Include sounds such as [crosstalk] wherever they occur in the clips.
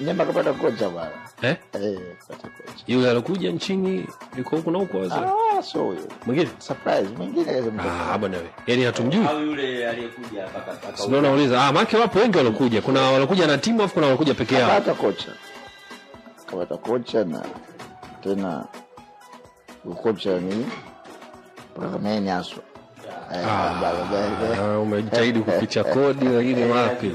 nyama kapata kocha bwana eh? Eh, kapata kocha Yule alokuja nchini yuko huko na huko wazee Ah, so huyo. Mwingine surprise, mwingine kaza mtoto. Ah, bwana wewe. Yaani hatumjui. Au yule aliyekuja hapa mpaka. unaona nauliza. Ah, maana wapo wengi walokuja. Kuna walokuja na timu afu kuna walokuja peke yao. Kapata kocha. Kapata kocha na tena ukocha ni programeni aswa. Eh, ah, umejitahidi kuficha kodi lakini [laughs] wapi?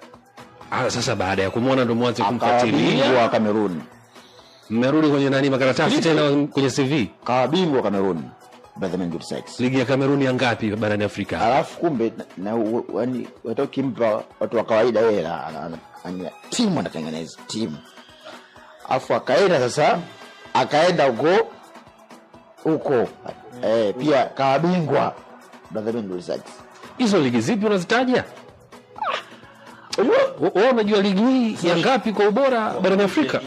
Ah, sasa baada ya kumwona ndo mwanzo kumfuatilia. Cameroon. Mmerudi kwenye nani makaratasi tena kwenye CV. Kawa bingwa Kamerun. Benjamin Sykes. Ligi ya Kamerun ya ngapi barani Afrika? Alafu kumbe na yani watu kimpa watu wa kawaida yeye ana timu anatengeneza timu. Alafu akaenda sasa akaenda huko huko eh, pia kawa bingwa Benjamin Sykes. Hizo ligi zipi unazitaja? Wao unajua ligi hii ya ngapi kwa ubora barani Afrika?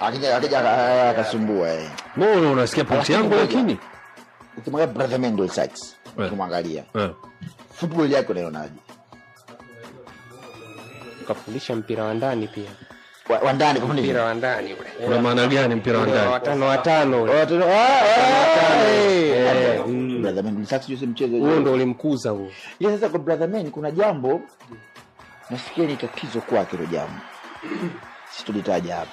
Akija akija eh, akasumbua eh. No, no, unasikia pointi yangu lakini ukimwangalia brother Mendel Sachs eh. ukimwangalia eh. football yako unaionaje? Kafundisha mpira wa ndani pia. Wa ndani kafundisha mpira wa ndani ule. Kuna maana gani mpira wa ndani? Watano watano. Oh, watano. Ah, watano. Eh! Brother eh. Man, sasa sio mchezo. Huo ndio ulimkuza huo. Yeye sasa kwa Brother Man kuna jambo nasikia ni tatizo kwake hilo jambo. [coughs] Sisi tulitaja hapa.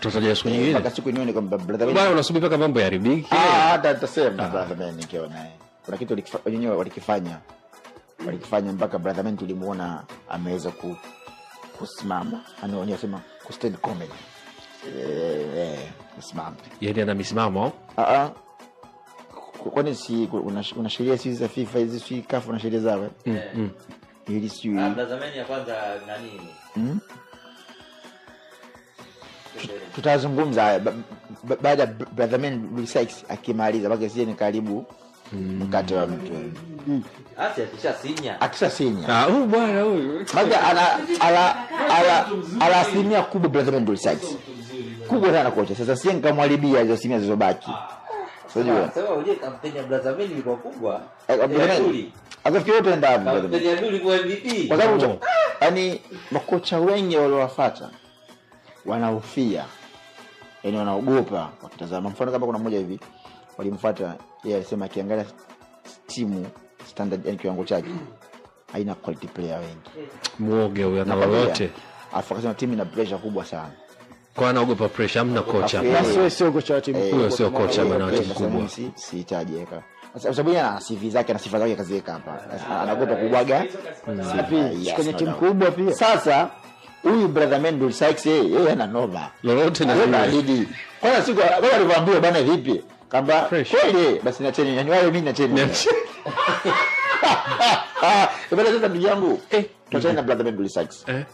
Tutataja siku eh, nyingine. Mpaka siku nyingine kwamba Brother Man. Bwana unasubiri mpaka mambo yaribiki. Ah, hata atasema ah. Brother Man nikiwa naye. Kuna kitu wenyewe walikifanya. Walikifanya mpaka Brother Man tulimuona ameweza ku kusimama. Anaonyesha sema ku stand comedy msimamo. Eh, eh, yaani ana misimamo? Ah, ah. kwani si una sheria hizi za FIFA hizi si kafu na sheria zao? Eh? Mm. mm. Ili si labda ah, zamani ya kwanza nani? Mm. Tutazungumza baada ya brother man Sykes akimaliza, baki sije ni karibu mm. mkate wa mtu mm. akishasinya ah, huyu bwana huyu, maana ana ala ala asilimia kubwa brother man Sykes kubwa sana kocha. Sasa sie nikamharibia hizo simu zilizobaki. Ah. Unajua? Ah, Sasa unajua kampeni ya Brazil ilikuwa kubwa. Eh, Akafikiria tuenda hapo. Kampeni ya Duli kwa MVP. Kwa sababu oh. yani makocha wengi waliowafuata wanahofia. yani wanaogopa wakitazama. Mfano kama kuna mmoja hivi walimfuata yeye alisema akiangalia timu standard yani kiwango chake haina quality player wengi. Muoge huyo na wote. Afu akasema timu ina pressure kubwa sana kwa anaogopa presha mna kocha sio kocha wa timu huyo sio kocha bana wa timu kubwa, sihitaji eka kwa sababu ana CV zake na sifa zake kaziweka hapa, anaogopa kubwaga hmm. ah, kwenye timu kubwa pia. Sasa huyu brother Mendel Sykes yeye ana nova lolote na lidi, kwa siku baba alivambia bana, vipi kamba kweli, basi na cheni nyanywa mimi na cheni [laughs] sasa, ndugu yangu, eh. tuachane na brother Mendel Sykes eh